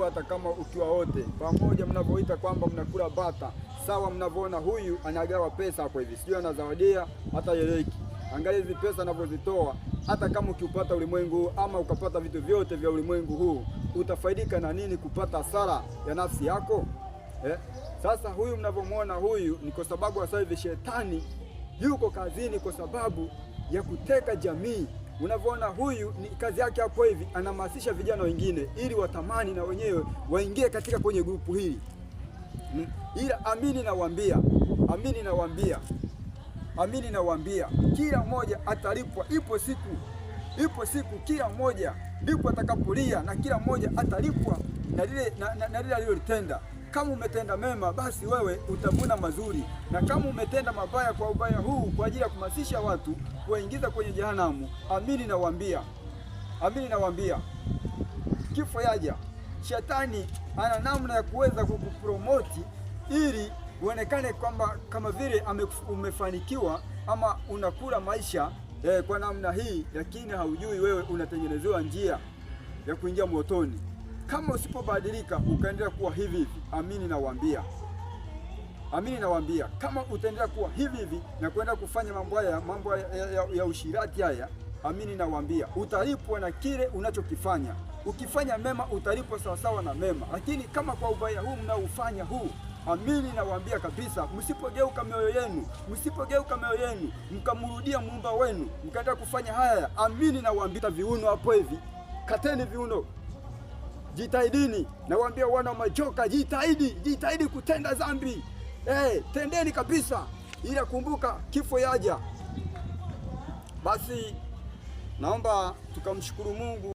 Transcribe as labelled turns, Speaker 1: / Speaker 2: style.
Speaker 1: mnakuwa hata kama ukiwa wote pamoja, mnavyoita kwamba mnakula bata sawa, mnavyoona huyu anagawa pesa hapo hivi, sijui anazawadia hata yereki. Angalia hizi pesa anavyozitoa. Hata kama ukiupata ulimwengu huu ama ukapata vitu vyote vya ulimwengu huu, utafaidika na nini kupata hasara ya nafsi yako eh? Sasa huyu mnavyomwona huyu ni kwa sababu sasa hivi shetani yuko kazini kwa sababu ya kuteka jamii. Unavyoona huyu ni kazi yake hapo hivi, anahamasisha vijana wengine ili watamani na wenyewe waingie katika kwenye grupu hili. Mm. Ila amini nawambia amini nawambia amini nawambia kila mmoja atalipwa. Ipo siku, ipo siku, kila mmoja ndipo atakapolia, na kila mmoja atalipwa na lile alilolitenda. Kama umetenda mema, basi wewe utavuna mazuri, na kama umetenda mabaya kwa ubaya huu kwa ajili ya kumasisha watu kuwaingiza kwenye jehanamu, amini nawaambia, amini nawaambia, kifo yaja. Shetani ana namna ya kuweza kukupromoti ili uonekane kwamba kama vile umefanikiwa ama unakula maisha eh, kwa namna hii, lakini haujui wewe unatengenezewa njia ya kuingia motoni. Kama usipobadilika ukaendelea kuwa hivi hivi, amini nawaambia, amini nawaambia, kama utaendelea kuwa hivi hivi na kuenda kufanya mambo haya mambo ya, ya, ya ushirati haya, amini nawaambia, utalipwa na kile unachokifanya. Ukifanya mema utalipwa sawasawa na mema, lakini kama kwa ubaya huu mnaofanya huu Amini nawaambia kabisa, msipogeuka mioyo yenu, msipogeuka mioyo yenu mkamrudia muumba wenu mkaenda kufanya haya, amini nawaambia viuno hapo hivi, kateni viuno jitahidini, nawaambia wana majoka, jitahidi, jitahidi kutenda dhambi eh, tendeni kabisa, ila kumbuka kifo yaja. Basi naomba tukamshukuru Mungu.